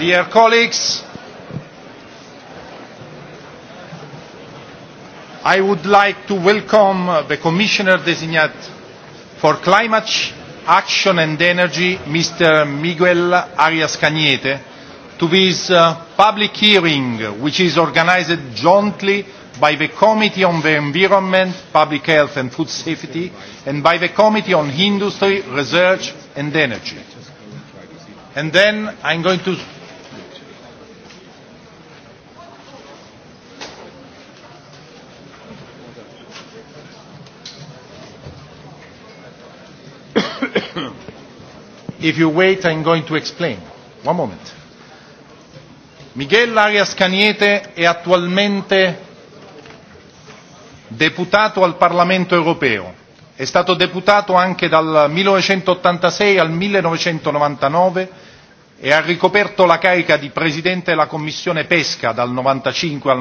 Dear colleagues, I would like to welcome the Commissioner Designate for Climate Action and Energy, Mr. Miguel Arias Cañete, to this uh, public hearing, which is organized jointly by the Committee on the Environment, Public Health and Food Safety, and by the Committee on Industry, Research and Energy. And then I'm going to If you wait, I'm going to explain. One moment. Miguel Arias Caniete è attualmente deputato al Parlamento europeo. È stato deputato anche dal 1986 al 1999 e ha ricoperto la carica di presidente della Commissione Pesca dal 1995 al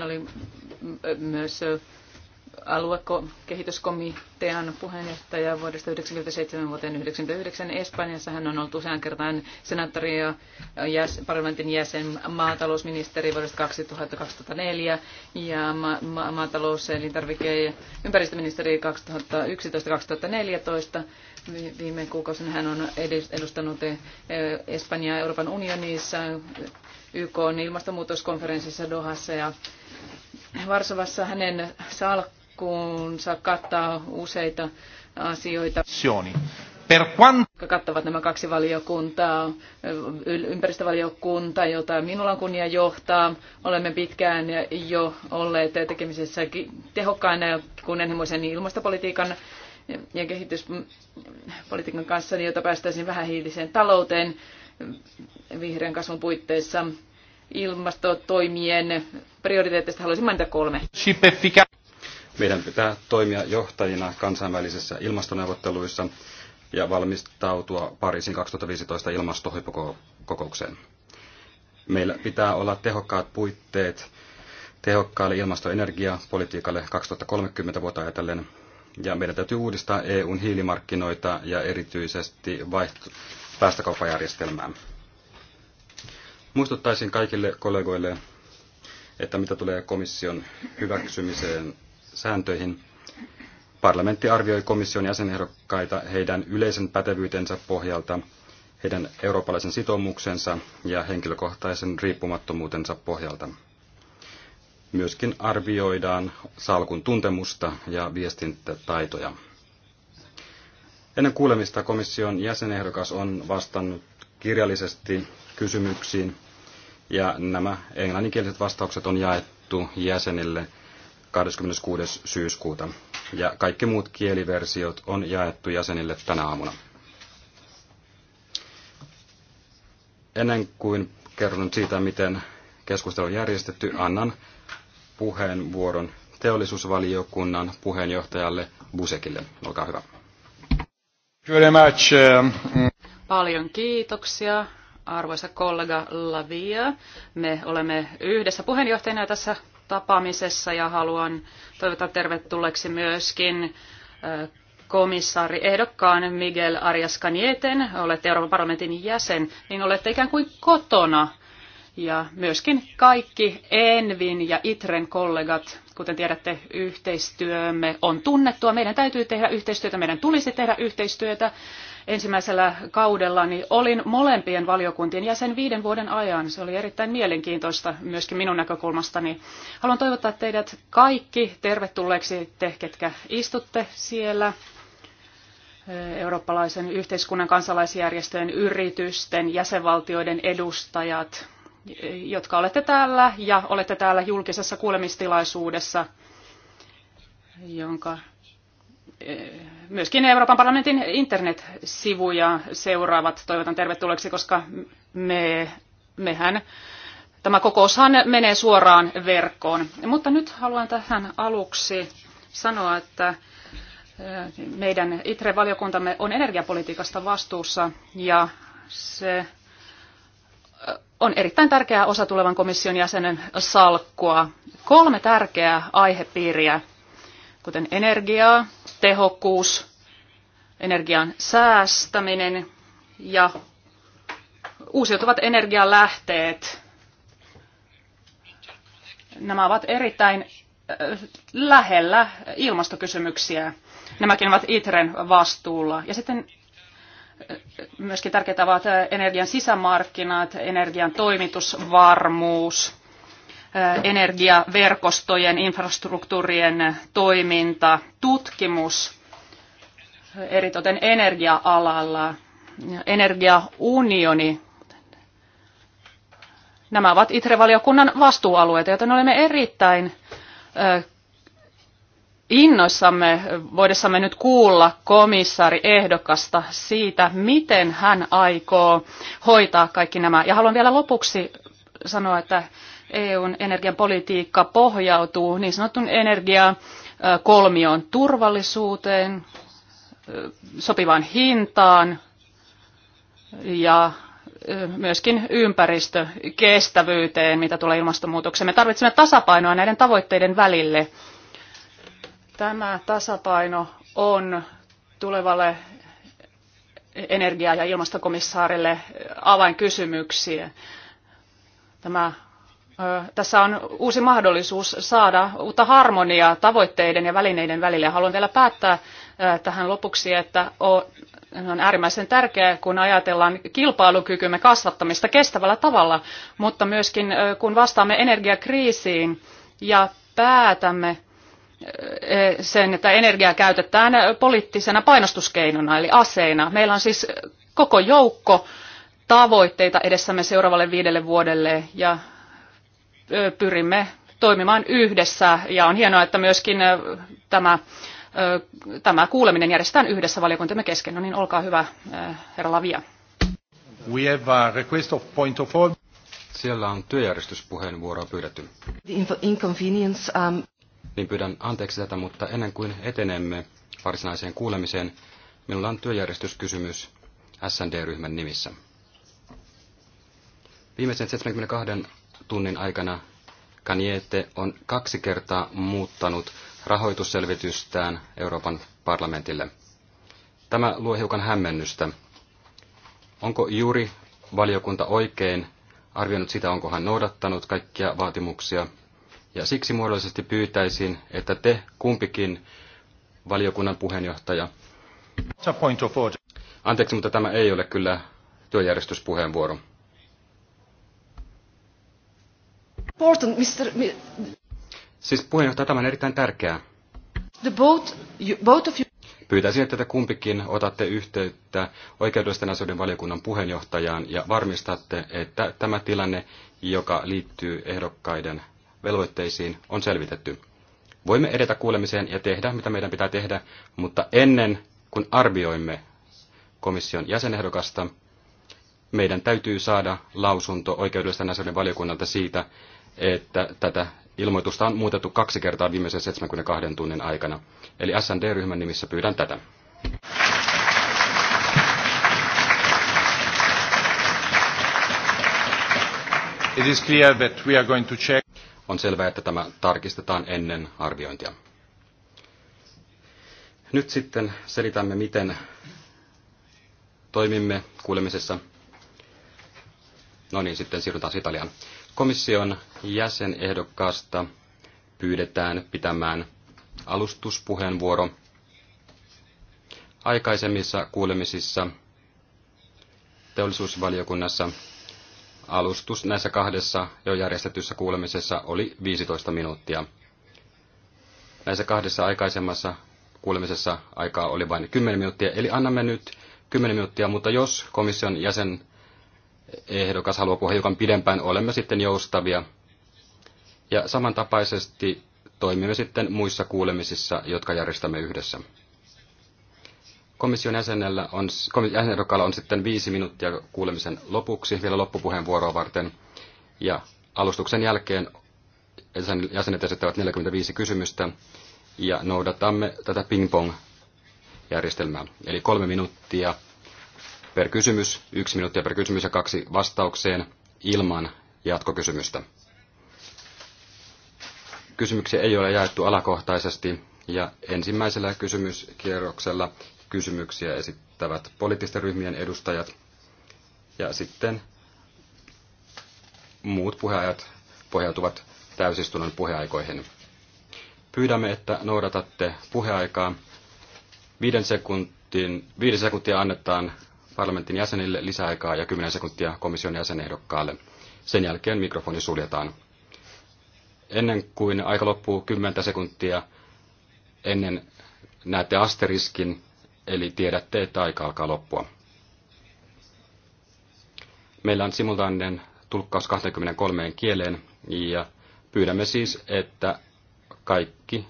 1997 aluekehityskomitean puheenjohtaja vuodesta 1997 vuoteen 1999 Espanjassa. Hän on ollut usean kertaan senaattori ja parlamentin jäsen, maatalousministeri vuodesta 2000-2004 ja ma- ma- maatalous-, ja ympäristöministeri 2011-2014. Viime kuukausina hän on edustanut eh, Espanjaa Euroopan unionissa, YK on ilmastonmuutoskonferenssissa Dohassa ja Varsovassa hänen salkkuunsa kun salkkuunsa kattaa useita asioita. Sioni. Per quant... kattavat nämä kaksi valiokuntaa, ympäristövaliokunta, jota minulla on kunnia johtaa. Olemme pitkään jo olleet tekemisessä tehokkaina ja kunnianhimoisen ilmastopolitiikan ja kehityspolitiikan kanssa, niin jota päästäisiin vähähiiliseen talouteen vihreän kasvun puitteissa ilmastotoimien prioriteetteista haluaisin mainita kolme. Meidän pitää toimia johtajina kansainvälisissä ilmastoneuvotteluissa ja valmistautua Pariisin 2015 ilmastohuippukokoukseen. Meillä pitää olla tehokkaat puitteet tehokkaalle ilmasto- ja energiapolitiikalle 2030 vuotta ajatellen, ja meidän täytyy uudistaa EUn hiilimarkkinoita ja erityisesti vaihto- päästökauppajärjestelmää. Muistuttaisin kaikille kollegoille, että mitä tulee komission hyväksymiseen sääntöihin. Parlamentti arvioi komission jäsenehdokkaita heidän yleisen pätevyytensä pohjalta, heidän eurooppalaisen sitoumuksensa ja henkilökohtaisen riippumattomuutensa pohjalta. Myöskin arvioidaan salkun tuntemusta ja viestintätaitoja. Ennen kuulemista komission jäsenehdokas on vastannut kirjallisesti kysymyksiin, ja nämä englanninkieliset vastaukset on jaettu jäsenille – 26. syyskuuta. Ja kaikki muut kieliversiot on jaettu jäsenille tänä aamuna. Ennen kuin kerron siitä, miten keskustelu on järjestetty, annan puheenvuoron teollisuusvaliokunnan puheenjohtajalle Busekille. Olkaa hyvä. Um, mm. Paljon kiitoksia, arvoisa kollega Lavia. Me olemme yhdessä puheenjohtajana tässä tapaamisessa ja haluan toivottaa tervetulleeksi myöskin komissaari ehdokkaan Miguel Arias Canieten, olette Euroopan parlamentin jäsen, niin olette ikään kuin kotona. Ja myöskin kaikki Envin ja Itren kollegat, kuten tiedätte, yhteistyömme on tunnettua. Meidän täytyy tehdä yhteistyötä, meidän tulisi tehdä yhteistyötä ensimmäisellä kaudellani niin olin molempien valiokuntien jäsen viiden vuoden ajan. Se oli erittäin mielenkiintoista myöskin minun näkökulmastani. Haluan toivottaa teidät kaikki tervetulleeksi, te ketkä istutte siellä eh, eurooppalaisen yhteiskunnan kansalaisjärjestöjen, yritysten, jäsenvaltioiden edustajat, eh, jotka olette täällä ja olette täällä julkisessa kuulemistilaisuudessa, jonka myöskin Euroopan parlamentin internetsivuja seuraavat toivotan tervetulleeksi, koska me, mehän tämä kokoushan menee suoraan verkkoon. Mutta nyt haluan tähän aluksi sanoa, että eh, meidän ITRE-valiokuntamme on energiapolitiikasta vastuussa ja se eh, on erittäin tärkeä osa tulevan komission jäsenen salkkua. Kolme tärkeää aihepiiriä, kuten energiaa, tehokkuus, energian säästäminen ja uusiutuvat energialähteet. Nämä ovat erittäin äh, lähellä ilmastokysymyksiä. Nämäkin ovat ITREn vastuulla. Ja sitten äh, myöskin tärkeitä ovat äh, energian sisämarkkinat, energian toimitusvarmuus, energiaverkostojen, infrastruktuurien toiminta, tutkimus, eritoten energia-alalla, energiaunioni. Nämä ovat ITRE-valiokunnan vastuualueita, joten olemme erittäin innoissamme voidessamme nyt kuulla komissaari ehdokasta siitä, miten hän aikoo hoitaa kaikki nämä. Ja haluan vielä lopuksi sanoa, että EUn energiapolitiikka pohjautuu niin sanotun energiakolmion turvallisuuteen, sopivaan hintaan ja myöskin ympäristökestävyyteen, mitä tulee ilmastonmuutokseen. Me tarvitsemme tasapainoa näiden tavoitteiden välille. Tämä tasapaino on tulevalle energia- ja ilmastokomissaarille avainkysymyksiä. Tämä tässä on uusi mahdollisuus saada uutta harmoniaa tavoitteiden ja välineiden välillä. Haluan vielä päättää tähän lopuksi, että on äärimmäisen tärkeää, kun ajatellaan kilpailukykymme kasvattamista kestävällä tavalla, mutta myöskin kun vastaamme energiakriisiin ja päätämme sen, että energiaa käytetään poliittisena painostuskeinona eli aseina. Meillä on siis koko joukko tavoitteita edessämme seuraavalle viidelle vuodelle ja pyrimme toimimaan yhdessä ja on hienoa, että myöskin tämä, tämä kuuleminen järjestetään yhdessä valiokuntamme kesken. No niin, olkaa hyvä, herra Lavia. We have a request of point of order. Siellä on työjärjestyspuheenvuoroa pyydetty. The inconvenience, um... Niin pyydän anteeksi tätä, mutta ennen kuin etenemme varsinaiseen kuulemiseen, minulla on työjärjestyskysymys SND-ryhmän nimissä. Viimeisen 72 tunnin aikana Kaniete on kaksi kertaa muuttanut rahoitusselvitystään Euroopan parlamentille. Tämä luo hiukan hämmennystä. Onko juuri valiokunta oikein arvioinut sitä, onko hän noudattanut kaikkia vaatimuksia? Ja siksi muodollisesti pyytäisin, että te kumpikin valiokunnan puheenjohtaja. Anteeksi, mutta tämä ei ole kyllä työjärjestyspuheenvuoro. Important, Mr. Siis puheenjohtaja, tämä on erittäin tärkeää. The boat, you, both of you... Pyytäisin, että te kumpikin otatte yhteyttä oikeudellisten asioiden valiokunnan puheenjohtajaan ja varmistatte, että tämä tilanne, joka liittyy ehdokkaiden velvoitteisiin, on selvitetty. Voimme edetä kuulemiseen ja tehdä, mitä meidän pitää tehdä, mutta ennen kuin arvioimme komission jäsenehdokasta, meidän täytyy saada lausunto oikeudellisten asioiden valiokunnalta siitä, että tätä ilmoitusta on muutettu kaksi kertaa viimeisen 72 tunnin aikana. Eli SND-ryhmän nimissä pyydän tätä. It is clear that we are going to check. On selvää, että tämä tarkistetaan ennen arviointia. Nyt sitten selitämme, miten toimimme kuulemisessa. No niin, sitten siirrytään Italiaan. Komission jäsenehdokkaasta pyydetään pitämään alustuspuheenvuoro. Aikaisemmissa kuulemisissa teollisuusvaliokunnassa alustus näissä kahdessa jo järjestetyssä kuulemisessa oli 15 minuuttia. Näissä kahdessa aikaisemmassa kuulemisessa aikaa oli vain 10 minuuttia, eli annamme nyt 10 minuuttia, mutta jos komission jäsen ehdokas haluaa puhua hiukan pidempään, olemme sitten joustavia. Ja samantapaisesti toimimme sitten muissa kuulemisissa, jotka järjestämme yhdessä. Komission jäsenellä on, jäsenehdokkaalla on sitten viisi minuuttia kuulemisen lopuksi vielä loppupuheenvuoroa varten. Ja alustuksen jälkeen jäsenet esittävät 45 kysymystä ja noudatamme tätä ping-pong-järjestelmää. Eli kolme minuuttia per kysymys, yksi minuuttia per kysymys ja kaksi vastaukseen ilman jatkokysymystä. Kysymyksiä ei ole jaettu alakohtaisesti ja ensimmäisellä kysymyskierroksella kysymyksiä esittävät poliittisten ryhmien edustajat ja sitten muut puheajat pohjautuvat täysistunnon puheaikoihin. Pyydämme, että noudatatte puheaikaa. Viiden sekuntin, viiden sekuntia annetaan parlamentin jäsenille lisäaikaa ja 10 sekuntia komission jäsenehdokkaalle. Sen jälkeen mikrofoni suljetaan. Ennen kuin aika loppuu 10 sekuntia, ennen näette asteriskin, eli tiedätte, että aika alkaa loppua. Meillä on simultaaninen tulkkaus 23 kieleen ja pyydämme siis, että kaikki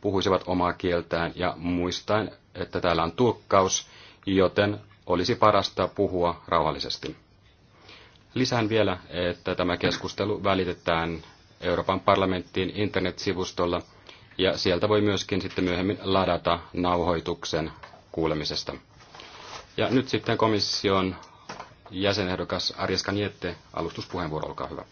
puhuisivat omaa kieltään ja muistaen, että täällä on tulkkaus, joten olisi parasta puhua rauhallisesti. Lisään vielä, että tämä keskustelu välitetään Euroopan parlamenttiin internetsivustolla, ja sieltä voi myöskin sitten myöhemmin ladata nauhoituksen kuulemisesta. Ja nyt sitten komission jäsenehdokas Arjeska Niette, alustuspuheenvuoro, olkaa hyvä.